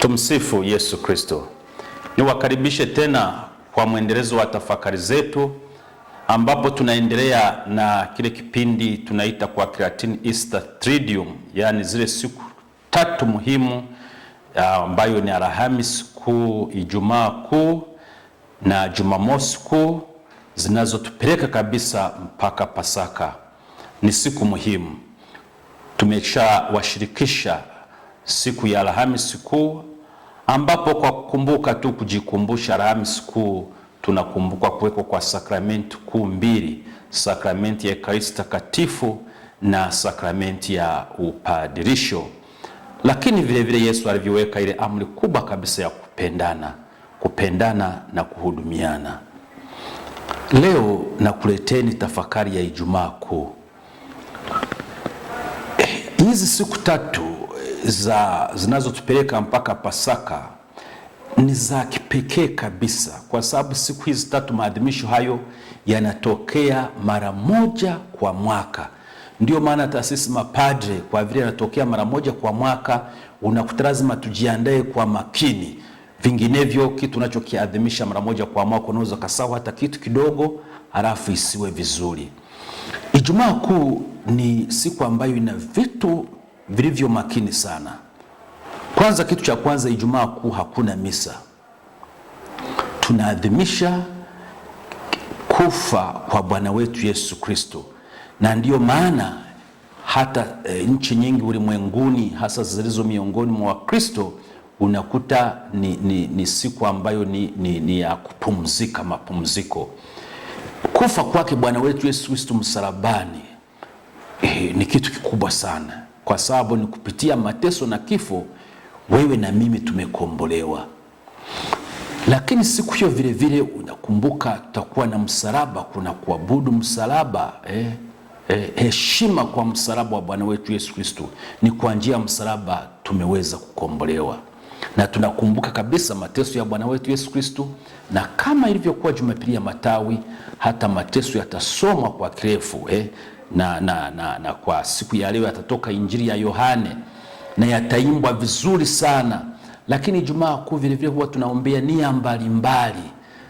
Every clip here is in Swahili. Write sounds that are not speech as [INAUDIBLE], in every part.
Tumsifu Yesu Kristo. Niwakaribishe tena kwa mwendelezo wa tafakari zetu ambapo tunaendelea na kile kipindi tunaita kwa Kilatini Easter Triduum, yaani zile siku tatu muhimu Ah, ambayo ni Alhamis Kuu, Ijumaa Kuu na Jumamosi Kuu zinazotupeleka kabisa mpaka Pasaka. Ni siku muhimu. Tumeshawashirikisha siku ya Alhamis Kuu, ambapo kwa kukumbuka tu kujikumbusha Alhamis Kuu tunakumbuka kuwekwa kwa sakramenti kuu mbili, sakramenti ya Ekaristi Takatifu na sakramenti ya upadirisho. Lakini vile vile Yesu alivyoweka ile amri kubwa kabisa ya kupendana, kupendana na kuhudumiana. Leo nakuleteni tafakari ya Ijumaa Kuu. Hizi siku tatu za zinazotupeleka mpaka Pasaka ni za kipekee kabisa, kwa sababu siku hizi tatu maadhimisho hayo yanatokea mara moja kwa mwaka. Ndio maana taasisi mapadre kwa vile anatokea mara moja kwa mwaka, unakuta lazima tujiandae kwa makini, vinginevyo kitu unachokiadhimisha mara moja kwa mwaka unaweza kasahau hata kitu kidogo, halafu isiwe vizuri. Ijumaa Kuu ni siku ambayo ina vitu vilivyo makini sana. Kwanza, kitu cha kwanza, Ijumaa Kuu hakuna misa, tunaadhimisha kufa kwa Bwana wetu Yesu Kristo na ndiyo maana hata e, nchi nyingi ulimwenguni hasa zilizo miongoni mwa Wakristo unakuta ni, ni, ni siku ambayo ni, ni, ni ya kupumzika, mapumziko. Kufa kwake Bwana wetu Yesu Kristo msalabani e, ni kitu kikubwa sana, kwa sababu ni kupitia mateso na kifo wewe na mimi tumekombolewa. Lakini siku hiyo vile vile unakumbuka, tutakuwa na msalaba, kuna kuabudu msalaba eh. Eh, heshima kwa msalaba wa Bwana wetu Yesu Kristo. Ni kwa njia ya msalaba tumeweza kukombolewa na tunakumbuka kabisa mateso ya Bwana wetu Yesu Kristo, na kama ilivyokuwa Jumapili ya Matawi, hata mateso yatasomwa kwa kirefu eh, na, na, na, na kwa siku ya leo yatatoka Injili ya Yohane na yataimbwa vizuri sana, lakini jumaa Kuu vilevile huwa tunaombea nia mbalimbali,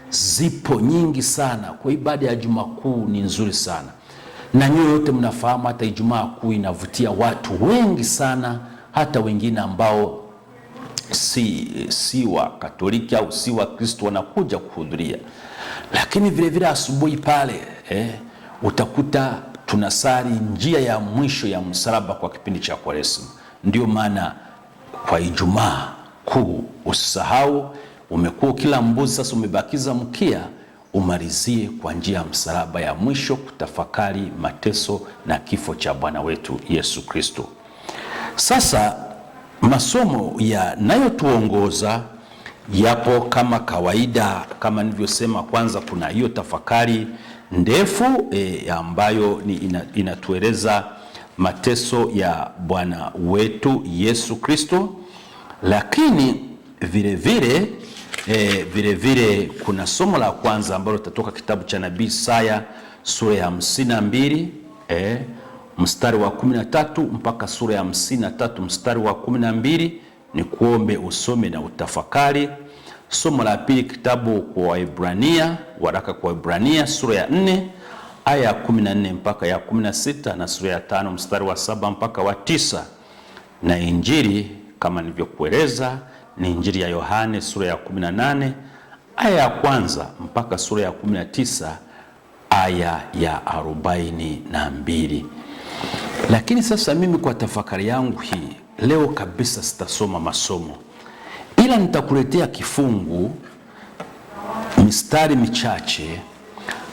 zipo nyingi sana. Kwa ibada ya jumaa Kuu ni nzuri sana na nyote yote mnafahamu, hata Ijumaa Kuu inavutia watu wengi sana, hata wengine ambao si, si wa Katoliki au si wa Kristo wanakuja kuhudhuria. Lakini vilevile asubuhi pale eh, utakuta tunasali njia ya mwisho ya msalaba kwa kipindi cha Kwaresima. Ndio maana kwa Ijumaa Kuu usisahau, umekuwa kila mbuzi sasa umebakiza mkia umalizie kwa njia ya msalaba ya mwisho kutafakari mateso na kifo cha Bwana wetu Yesu Kristo. Sasa masomo yanayotuongoza yapo kama kawaida, kama nilivyosema, kwanza kuna hiyo tafakari ndefu e, ambayo ni ina, inatueleza mateso ya Bwana wetu Yesu Kristo, lakini vilevile E, vile vile kuna somo la kwanza ambalo litatoka kitabu cha nabii Isaya sura ya hamsini na mbili eh, mstari wa kumi na tatu mpaka sura ya hamsini na tatu mstari wa kumi na mbili ni kuombe usome na utafakari. Somo la pili kitabu kwa Waibrania, waraka kwa Waibrania sura ya nne aya ya kumi na nne mpaka ya kumi na sita na sura ya tano mstari wa saba mpaka wa tisa na Injili kama nilivyokueleza ni Injili ya Yohane sura ya 18 aya ya kwanza mpaka sura ya 19 aya ya arobaini na mbili. Lakini sasa mimi kwa tafakari yangu hii leo kabisa sitasoma masomo, ila nitakuletea kifungu mistari michache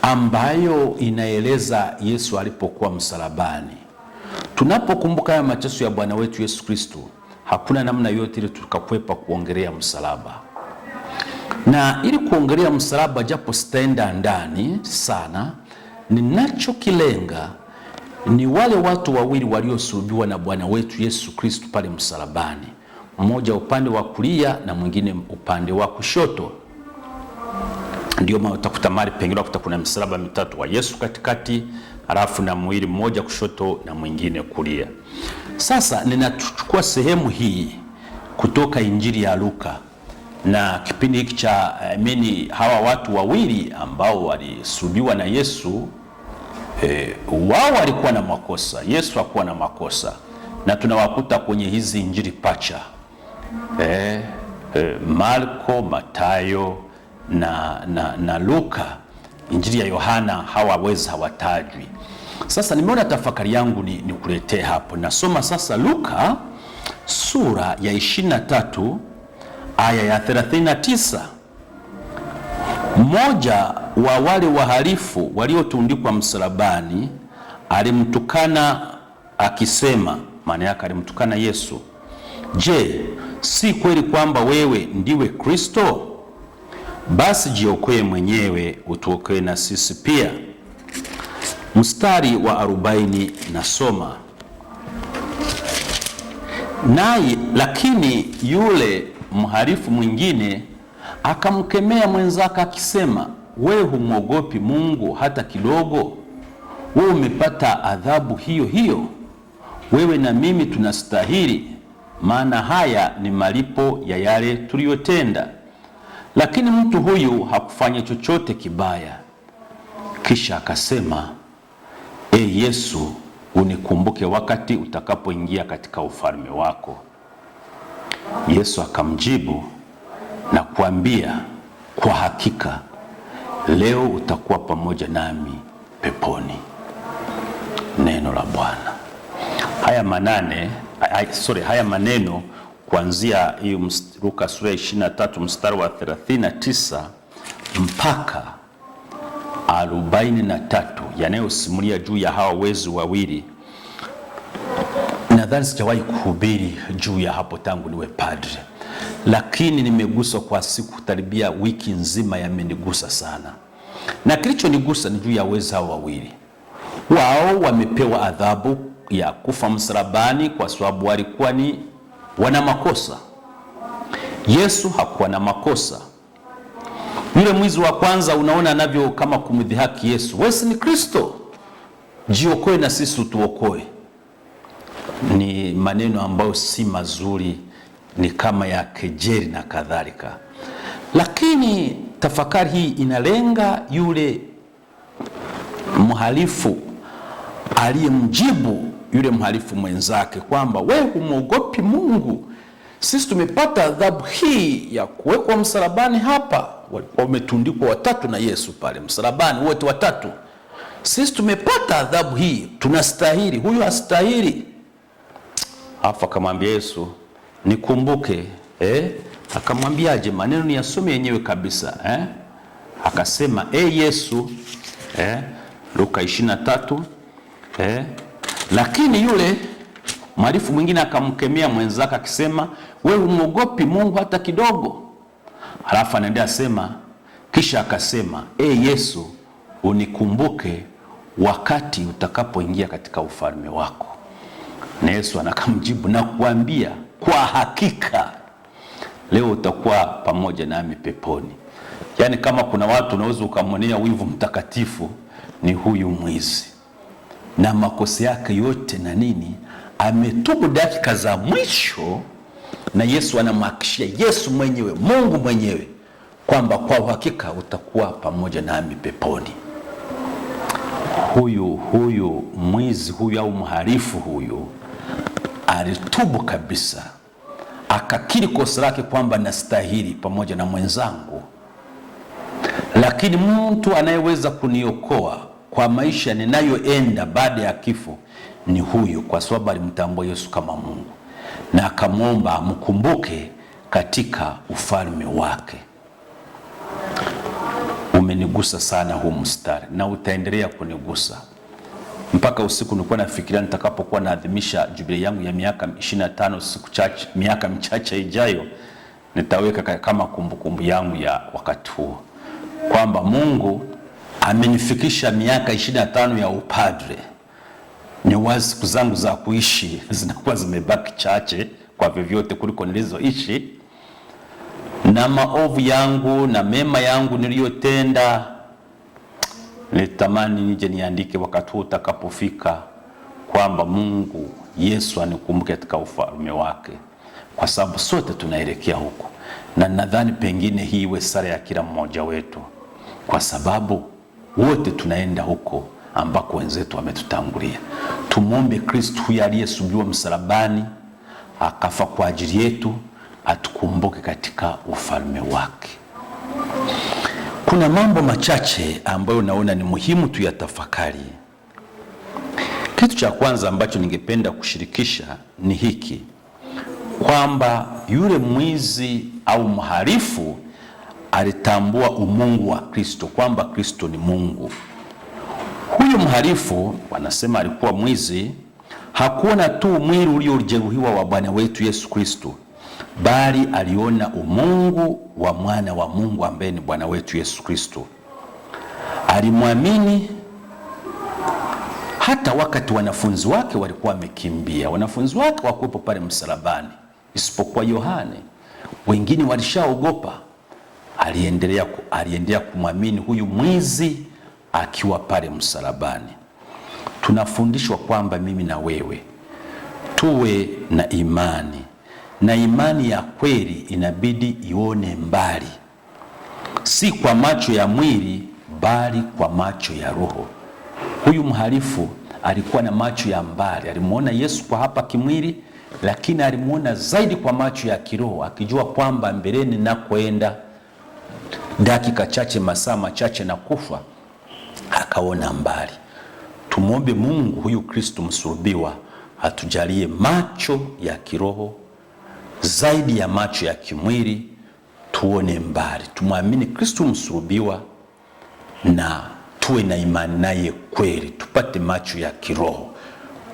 ambayo inaeleza Yesu alipokuwa msalabani. Tunapokumbuka haya mateso ya Bwana wetu Yesu Kristo hakuna namna yote ile tukakwepa kuongelea msalaba, na ili kuongelea msalaba, japo sitaenda ndani sana, ninachokilenga ni wale watu wawili waliosulubiwa na Bwana wetu Yesu Kristo pale msalabani, mmoja upande wa kulia na mwingine upande wa kushoto. Ndio maana utakuta mahali pengine utakuta kuna msalaba mitatu wa Yesu katikati halafu na mwili mmoja kushoto na mwingine kulia. Sasa ninachukua sehemu hii kutoka Injili ya Luka na kipindi hiki cha eh, mini hawa watu wawili ambao walisubiwa na Yesu e, wao walikuwa na makosa, Yesu hakuwa na makosa, na tunawakuta kwenye hizi injili pacha e, e, Marko, Matayo na, na, na Luka Injili ya Yohana hawawezi hawatajwi. Sasa nimeona tafakari yangu ni, ni kuletee hapo. Nasoma sasa Luka sura ya 23 aya ya 39. Mmoja wa wale wahalifu waliotundikwa msalabani alimtukana akisema, maana yake alimtukana Yesu, je, si kweli kwamba wewe ndiwe Kristo? basi jiokoe mwenyewe utuokoe na sisi pia. Mstari wa arobaini nasoma naye, lakini yule mharifu mwingine akamkemea mwenzake akisema, wewe humwogopi Mungu hata kidogo? Wewe umepata adhabu hiyo hiyo, wewe na mimi tunastahili, maana haya ni malipo ya yale tuliyotenda. Lakini mtu huyu hakufanya chochote kibaya. Kisha akasema, E Yesu, unikumbuke wakati utakapoingia katika ufalme wako. Yesu akamjibu na kuambia, kwa hakika leo utakuwa pamoja nami peponi. Neno la Bwana. Haya manane, sorry, haya maneno kuanzia hiyo Luka sura ya 23 mstari wa 39 mpaka 43 yanayosimulia juu ya hawa wezi wawili. Nadhani sijawahi kuhubiri juu ya hapo tangu niwe padre, lakini nimeguswa kwa siku taribia wiki nzima, yamenigusa sana, na kilichonigusa ni juu ya wezi hawa wawili. Wao wamepewa adhabu ya kufa msalabani kwa sababu walikuwa ni wana makosa. Yesu hakuwa na makosa. Yule mwizi wa kwanza, unaona anavyo kama kumdhihaki Yesu, wewe ni Kristo, jiokoe na sisi utuokoe. Ni maneno ambayo si mazuri, ni kama ya kejeli na kadhalika, lakini tafakari hii inalenga yule mhalifu aliyemjibu yule mhalifu mwenzake kwamba we humwogopi Mungu, sisi tumepata adhabu hii ya kuwekwa msalabani hapa. Walikuwa wametundikwa watatu na Yesu pale msalabani, wote watatu. Sisi tumepata adhabu hii, tunastahili, huyu hastahili. Afu akamwambia Yesu, nikumbuke eh? Akamwambiaje? Maneno ni yasome yenyewe kabisa eh? Akasema e Yesu eh? Luka 23 eh? Lakini yule mhalifu mwingine akamkemea mwenzake akisema, we umwogopi Mungu hata kidogo? Halafu anaendea sema, kisha akasema, e Yesu, unikumbuke wakati utakapoingia katika ufalme wako. Na Yesu anakamjibu, nakuambia kwa hakika leo utakuwa pamoja nami peponi. Yaani, kama kuna watu unaweza ukamwonea wivu mtakatifu, ni huyu mwizi na makosa yake yote na nini, ametubu dakika za mwisho, na Yesu anamhakishia, Yesu mwenyewe, Mungu mwenyewe kwamba kwa uhakika utakuwa pamoja nami peponi. Huyu huyu mwizi huyu au mharifu huyu alitubu kabisa, akakiri kosa lake kwamba nastahili pamoja na mwenzangu, lakini mtu anayeweza kuniokoa kwa maisha ninayoenda baada ya kifo ni huyu, kwa sababu alimtambua Yesu kama Mungu na akamwomba amkumbuke katika ufalme wake. Umenigusa sana huu mstari na utaendelea kunigusa mpaka usiku. Nilikuwa nafikiria nitakapokuwa naadhimisha jubilei yangu ya miaka 25 siku chache, miaka michache ijayo, nitaweka kama kumbukumbu kumbu yangu ya wakati huo kwamba Mungu amenifikisha miaka ishirini na tano ya upadre. Ni wazi siku zangu za kuishi [LAUGHS] zinakuwa zimebaki chache kwa vyovyote kuliko nilizoishi, na maovu yangu na mema yangu niliyotenda, nitamani nije niandike wakati huu utakapofika, kwamba Mungu Yesu anikumbuke katika ufalme wake, kwa sababu sote tunaelekea huko, na nadhani pengine hii iwe sala ya kila mmoja wetu, kwa sababu wote tunaenda huko ambako wenzetu wametutangulia. Tumwombe Kristo huyu aliyesulubiwa msalabani akafa kwa ajili yetu, atukumbuke katika ufalme wake. Kuna mambo machache ambayo naona ni muhimu tuyatafakari. Kitu cha kwanza ambacho ningependa kushirikisha ni hiki kwamba yule mwizi au mharifu alitambua umungu wa Kristo, kwamba Kristo ni Mungu. Huyu mhalifu wanasema alikuwa mwizi, hakuona tu mwili uliojeruhiwa wa Bwana wetu Yesu Kristo, bali aliona umungu wa mwana wa Mungu ambaye ni Bwana wetu Yesu Kristo. Alimwamini hata wakati wanafunzi wake walikuwa wamekimbia. Wanafunzi wake wakuwepo pale msalabani, isipokuwa Yohane, wengine walishaogopa aliendelea, aliendelea kumwamini huyu mwizi akiwa pale msalabani. Tunafundishwa kwamba mimi na wewe tuwe na imani, na imani ya kweli inabidi ione mbali, si kwa macho ya mwili, bali kwa macho ya roho. Huyu mhalifu alikuwa na macho ya mbali, alimwona Yesu kwa hapa kimwili, lakini alimwona zaidi kwa macho ya kiroho, akijua kwamba mbeleni nakoenda dakika chache, masaa machache na kufa, akaona mbali. Tumwombe Mungu huyu Kristo msulubiwa atujalie macho ya kiroho zaidi ya macho ya kimwili, tuone mbali, tumwamini Kristo msulubiwa na tuwe na imani naye kweli, tupate macho ya kiroho.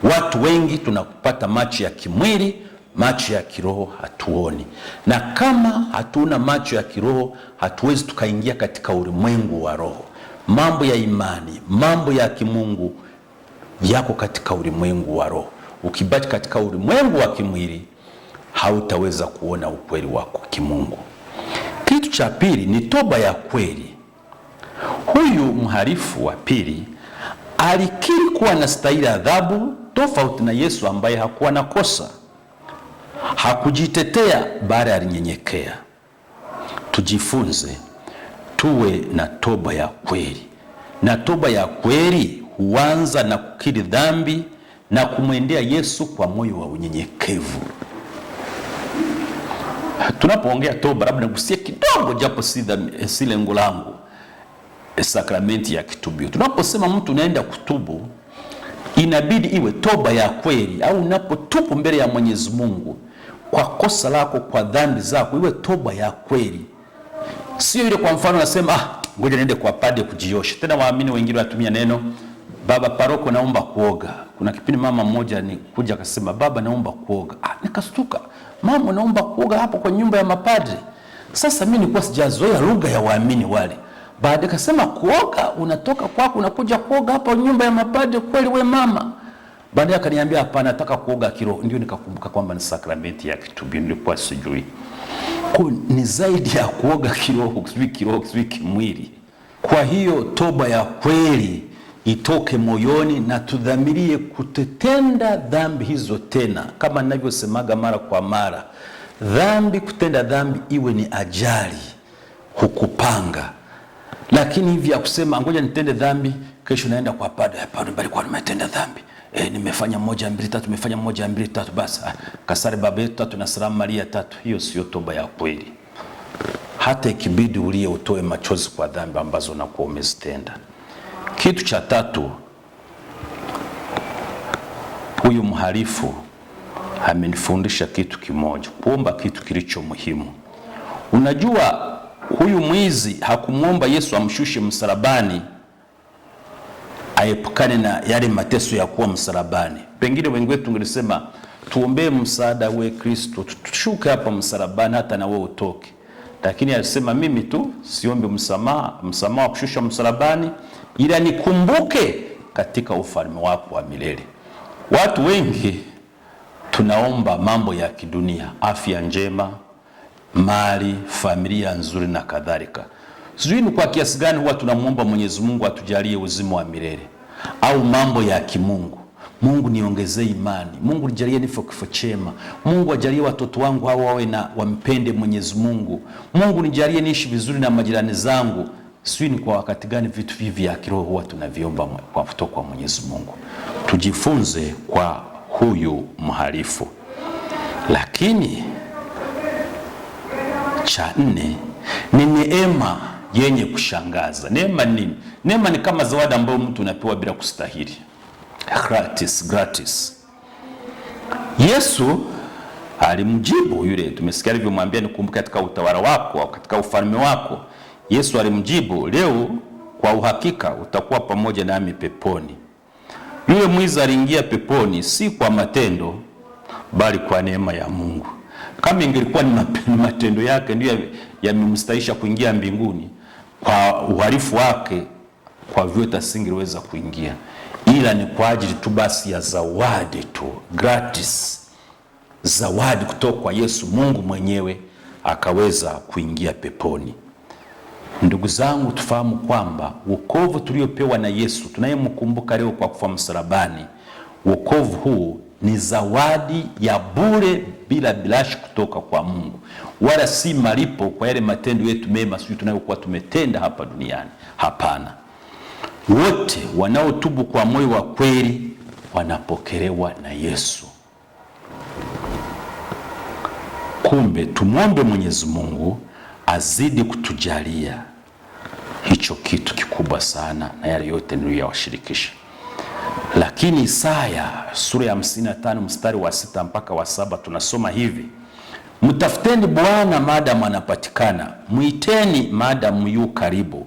Watu wengi tunakupata macho ya kimwili macho ya kiroho hatuoni, na kama hatuna macho ya kiroho hatuwezi tukaingia katika ulimwengu wa roho. Mambo ya imani, mambo ya kimungu yako katika ulimwengu wa roho. Ukibaki katika ulimwengu wa kimwili hautaweza kuona ukweli wa kimungu. Kitu cha pili ni toba ya kweli. Huyu mhalifu wa pili alikiri kuwa anastahili adhabu, tofauti na Yesu ambaye hakuwa na kosa. Hakujitetea bali alinyenyekea. Tujifunze tuwe na toba ya kweli, na toba ya kweli huanza na kukiri dhambi na kumwendea Yesu kwa moyo wa unyenyekevu. Tunapoongea toba, labda nigusie kidogo, japo si lengo langu, eh, sakramenti ya kitubio. Tunaposema mtu unaenda kutubu, inabidi iwe toba ya kweli, au unapotupu mbele ya Mwenyezi Mungu kwa kosa lako, kwa dhambi zako, iwe toba ya kweli, sio ile kwa mfano nasema ah, ngoja niende kwa padre kujiosha. Tena waamini wengine watumia neno baba paroko, naomba kuoga. Kuna kipindi mama mmoja ni kuja akasema, baba naomba kuoga. Ah, nikastuka, mama naomba kuoga hapo kwa nyumba ya mapadre? Sasa mimi nilikuwa sijazoea lugha ya waamini wale. baada kasema kuoga, unatoka kwako unakuja kuoga hapa nyumba ya mapadre? Kweli we mama Baadaye akaniambia hapana, nataka kuoga kiroho. Ndio nikakumbuka kwamba ni sakramenti ya kitubio, nilikuwa sijui. Kwa ni zaidi ya kuoga kiroho, sijui kiroho, sijui kimwili. Kwa hiyo toba ya kweli itoke moyoni na tudhamirie kutetenda dhambi hizo tena, kama ninavyosemaga mara kwa mara, dhambi, kutenda dhambi iwe ni ajali, hukupanga. Lakini hivi ya kusema ngoja nitende dhambi, kesho naenda kwa padre, hapana, bali kwa nimetenda dhambi E, nimefanya moja mbili tatu, nimefanya moja mbili tatu, basi ah, kasari baba yetu tatu na salamu Maria tatu. Hiyo sio toba ya kweli, hata ikibidi ulie utoe machozi kwa dhambi ambazo unakuwa umezitenda. Kitu cha tatu, huyu mhalifu amenifundisha kitu kimoja, kuomba kitu kilicho muhimu. Unajua, huyu mwizi hakumwomba Yesu amshushe msalabani aepukane na yale mateso ya kuwa msalabani. Pengine wengi wetu tungelisema tuombee msaada, we Kristo, tushuke hapa msalabani, hata na wewe utoke. Lakini alisema mimi tu siombi msamaha, msamaha wa kushusha msalabani, ila nikumbuke katika ufalme wako wa milele. Watu wengi tunaomba mambo ya kidunia, afya njema, mali, familia nzuri na kadhalika. Sijui ni kwa kiasi gani huwa tunamwomba Mwenyezi Mungu atujalie uzima wa milele au mambo ya kimungu. Mungu niongezee imani, Mungu nijalie nifo kifo chema, Mungu ajalie watoto wangu hao wawe na wampende Mwenyezi Mungu, Mungu nijalie niishi vizuri na majirani zangu. Sijui ni kwa wakati gani vitu hivi vya kiroho huwa tunaviomba kwa kutoka kwa Mwenyezi Mungu. Tujifunze kwa huyu mhalifu. Lakini cha nne ni neema yenye kushangaza. Neema nini? Neema ni kama zawadi ambayo mtu anapewa bila kustahili, gratis, gratis. Yesu alimjibu yule, tumesikia alivyomwambia, nikumbuke katika utawala wako au katika ufalme wako. Yesu alimjibu, leo kwa uhakika utakuwa pamoja nami peponi. Yule mwizi aliingia peponi si kwa matendo, bali kwa neema ya Mungu. Kama ingelikuwa ni matendo yake ndio yamemstahisha kuingia mbinguni, kwa uhalifu wake kwa vyote asingeweza kuingia, ila ni kwa ajili tu basi ya zawadi tu gratis, zawadi kutoka kwa Yesu Mungu mwenyewe akaweza kuingia peponi. Ndugu zangu, tufahamu kwamba wokovu tuliopewa na Yesu tunayemkumbuka leo kwa kufa msalabani, wokovu huu ni zawadi ya bure bila bilashi kutoka kwa Mungu wala si malipo kwa yale matendo yetu mema, sisi tunayokuwa tumetenda hapa duniani. Hapana, wote wanaotubu kwa moyo wa kweli wanapokelewa na Yesu. Kumbe tumwombe Mwenyezi Mungu azidi kutujalia hicho kitu kikubwa sana na yale yote niliyowashirikisha. Lakini Isaya sura ya 55 mstari wa sita mpaka wa saba tunasoma hivi: Mtafuteni Bwana maadamu anapatikana, mwiteni maadamu yu karibu.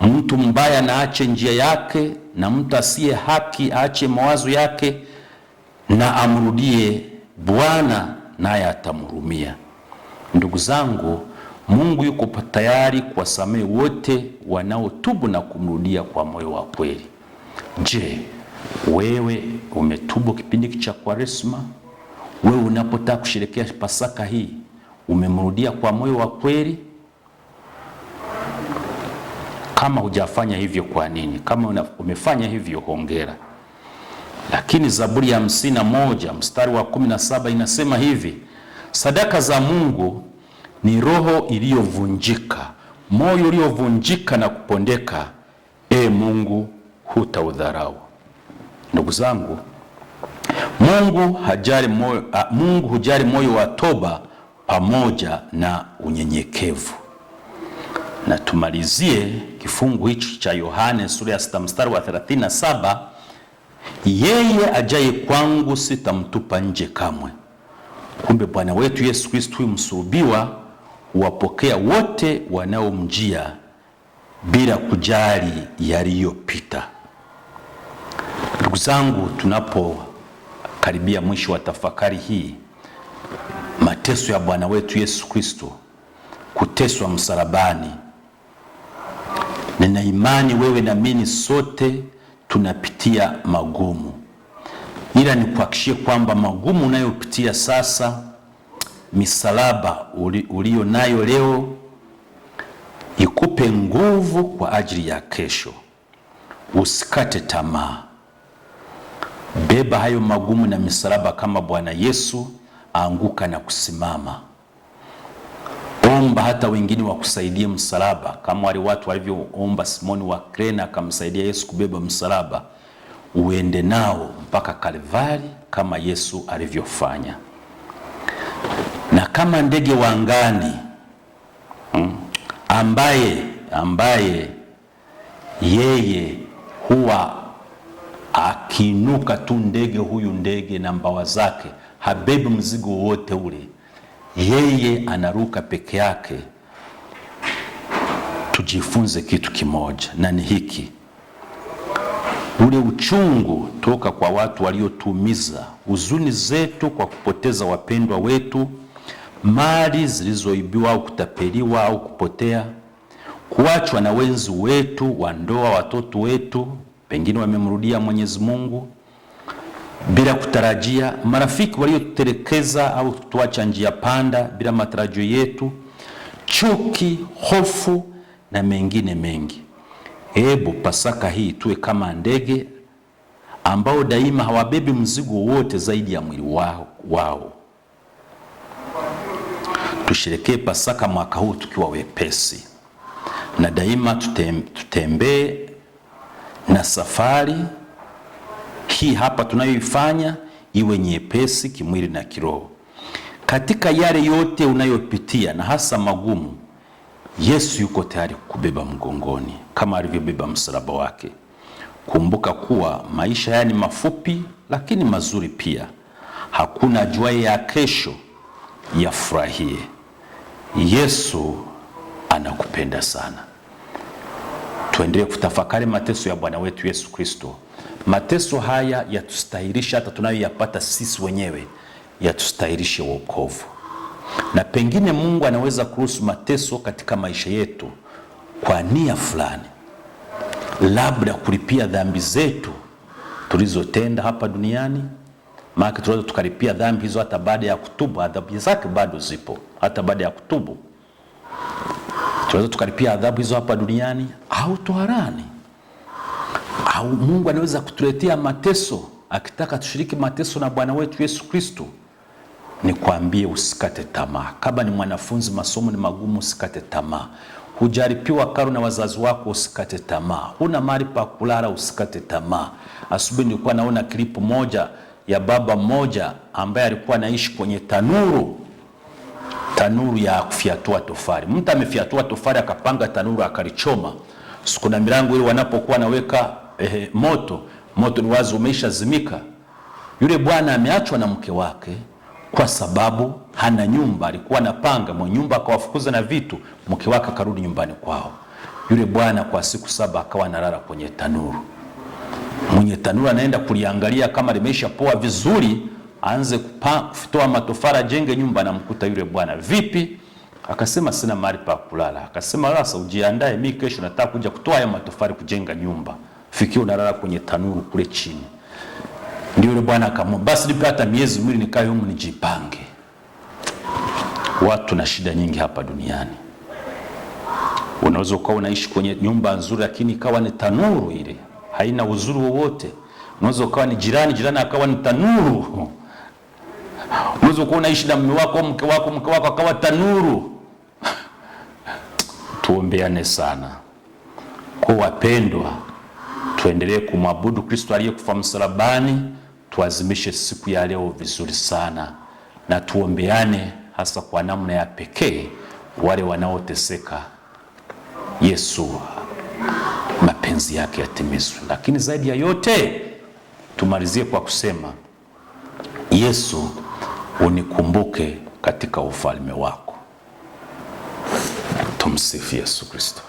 Mtu mbaya na ache njia yake, na mtu asiye haki aache mawazo yake, na amrudie Bwana naye atamhurumia. Ndugu zangu, Mungu yuko tayari kuwasamehe wote wanaotubu na kumrudia kwa moyo wa kweli. Je, wewe umetubu kipindi cha Kwaresma? wewe unapotaka kusherekea Pasaka hii umemrudia kwa moyo wa kweli? Kama hujafanya hivyo, kwa nini? Kama umefanya hivyo, hongera. Lakini Zaburi ya hamsini na moja mstari wa kumi na saba inasema hivi, sadaka za Mungu ni roho iliyovunjika, moyo uliovunjika na kupondeka, e Mungu hutaudharau. Ndugu zangu Mungu hajali moyo, ah, Mungu hujali moyo wa toba pamoja na unyenyekevu. Na tumalizie kifungu hichi cha Yohane sura ya 6 mstari wa 37, yeye ajaye kwangu sitamtupa nje kamwe. Kumbe Bwana wetu Yesu Kristo huyu msulubiwa wapokea wote wanaomjia bila kujali yaliyopita. Ndugu zangu, tunapo tunakaribia mwisho wa tafakari hii, mateso ya Bwana wetu Yesu Kristo, kuteswa msalabani. Nina imani wewe na mimi sote tunapitia magumu, ila nikuhakishie kwamba magumu unayopitia sasa, misalaba uliyo nayo leo ikupe nguvu kwa ajili ya kesho. Usikate tamaa. Beba hayo magumu na misalaba kama Bwana Yesu, anguka na kusimama. Omba hata wengine wakusaidie msalaba, kama wale watu walivyoomba Simoni wa Krena akamsaidia Yesu kubeba msalaba. Uende nao mpaka Kalvari kama Yesu alivyofanya. Na kama ndege wa angani hmm, ambaye ambaye yeye huwa akiinuka tu ndege huyu ndege na mbawa zake habebi mzigo wowote ule, yeye anaruka peke yake. Tujifunze kitu kimoja, na ni hiki: ule uchungu toka kwa watu waliotuumiza, huzuni zetu kwa kupoteza wapendwa wetu, mali zilizoibiwa au kutapeliwa au kupotea, kuachwa na wenzi wetu wa ndoa, watoto wetu pengine wamemrudia Mwenyezi Mungu bila kutarajia, marafiki waliotelekeza au kutuacha njia panda bila matarajio yetu, chuki, hofu na mengine mengi. Hebu Pasaka hii tuwe kama ndege ambao daima hawabebi mzigo wote zaidi ya mwili wao, wao. Tusherekee Pasaka mwaka huu tukiwa wepesi na daima tutembee na safari hii hapa tunayoifanya iwe nyepesi kimwili na kiroho. Katika yale yote unayopitia na hasa magumu, Yesu yuko tayari kubeba mgongoni kama alivyobeba msalaba wake. Kumbuka kuwa maisha haya ni mafupi lakini mazuri pia. Hakuna juaye ya kesho, yafurahie. Yesu anakupenda sana tuendelee kutafakari mateso ya Bwana wetu Yesu Kristo. Mateso haya yatustahilisha, hata tunayoyapata sisi wenyewe yatustahilishe wokovu, na pengine Mungu anaweza kuruhusu mateso katika maisha yetu kwa nia fulani, labda kulipia dhambi zetu tulizotenda hapa duniani. Maana tunaweza tukalipia dhambi hizo hata baada ya kutubu, adhabu zake bado zipo hata baada ya kutubu tunaweza tukalipia adhabu hizo hapa duniani au toharani, au Mungu anaweza kutuletea mateso akitaka tushiriki mateso na Bwana wetu Yesu Kristo. Nikwambie, usikate tamaa. Kama ni mwanafunzi, masomo ni magumu, usikate tamaa. Hujaripiwa karo na wazazi wako, usikate tamaa. Huna mahali pa kulala, usikate tamaa. Asubuhi nilikuwa naona klipu moja ya baba mmoja ambaye alikuwa anaishi kwenye tanuru tanuru ya kufiatua tofali. Mtu amefiatua tofali akapanga tanuru akalichoma, siku na milango ile wanapokuwa naweka eh, moto moto ni wazi umeshazimika. Yule bwana ameachwa na mke wake kwa sababu hana nyumba, alikuwa anapanga mwenye nyumba akawafukuza na vitu, mke wake akarudi nyumbani kwao. Yule bwana kwa siku saba akawa analala kwenye tanuru. Mwenye tanuru anaenda kuliangalia kama limeisha poa vizuri aanze kutoa matofara jenge nyumba, na mkuta yule bwana vipi? Akasema sina mahali pa kulala. Akasema sasa ujiandae, mimi kesho nataka kuja kutoa haya matofari kujenga nyumba, fikio unalala kwenye tanuru kule chini. Ndio yule bwana akamwambia, basi nipe hata miezi miwili nikae humu nijipange. Watu na shida nyingi hapa duniani. Unaweza ukawa unaishi kwenye nyumba nzuri, lakini ikawa ni tanuru, ile haina uzuri wowote. Unaweza ukawa ni jirani, jirani akawa ni tanuru Mwezi ukuwa unaishi na mume wako mke wako mke wako akawa tanuru. Tuombeane sana kwa wapendwa, tuendelee kumwabudu Kristo aliyekufa msalabani, tuazimishe siku ya leo vizuri sana, na tuombeane hasa kwa namna ya pekee wale wanaoteseka. Yesu mapenzi yake yatimizwe. Lakini zaidi ya yote tumalizie kwa kusema Yesu unikumbuke katika ufalme wako. Tumsifu Yesu Kristo.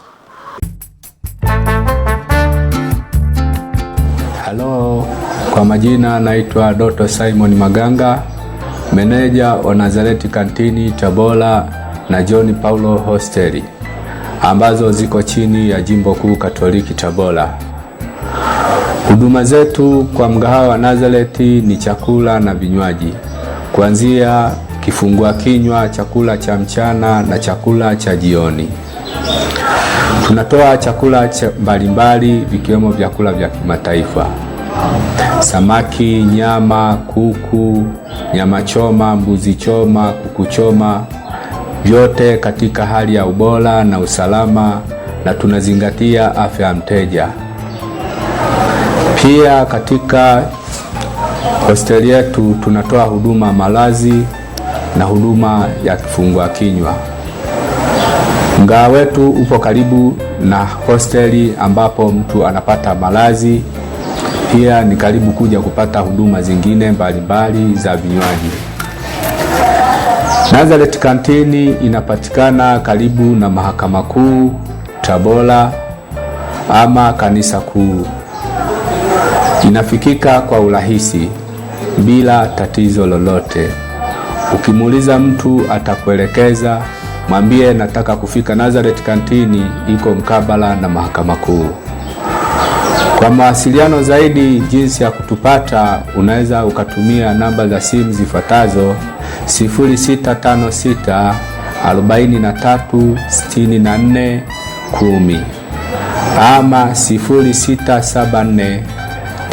Halo, kwa majina naitwa Doto Simon Maganga, meneja wa Nazareti Kantini Tabora na John Paulo Hosteli ambazo ziko chini ya Jimbo Kuu Katoliki Tabora. Huduma zetu kwa mgahawa wa Nazareti ni chakula na vinywaji kuanzia kifungua kinywa, chakula cha mchana na chakula cha jioni. Tunatoa chakula mbalimbali vikiwemo vyakula vya kimataifa: samaki, nyama, kuku, nyama choma, mbuzi choma, kuku choma, vyote katika hali ya ubora na usalama, na tunazingatia afya ya mteja. Pia katika Hospitali yetu tunatoa huduma malazi na huduma ya kifungua kinywa. Mgahawa wetu upo karibu na hosteli ambapo mtu anapata malazi, pia ni karibu kuja kupata huduma zingine mbalimbali za vinywaji. Nazareth Kantini inapatikana karibu na mahakama kuu Tabora ama kanisa kuu, inafikika kwa urahisi bila tatizo lolote. Ukimuuliza mtu atakuelekeza, mwambie nataka kufika Nazareth Kantini, iko mkabala na mahakama kuu. Kwa mawasiliano zaidi, jinsi ya kutupata, unaweza ukatumia namba za simu zifuatazo: 0656 ama 0674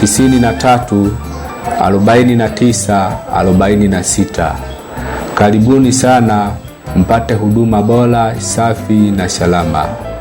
93 49 Karibuni sana mpate huduma bora, safi na salama.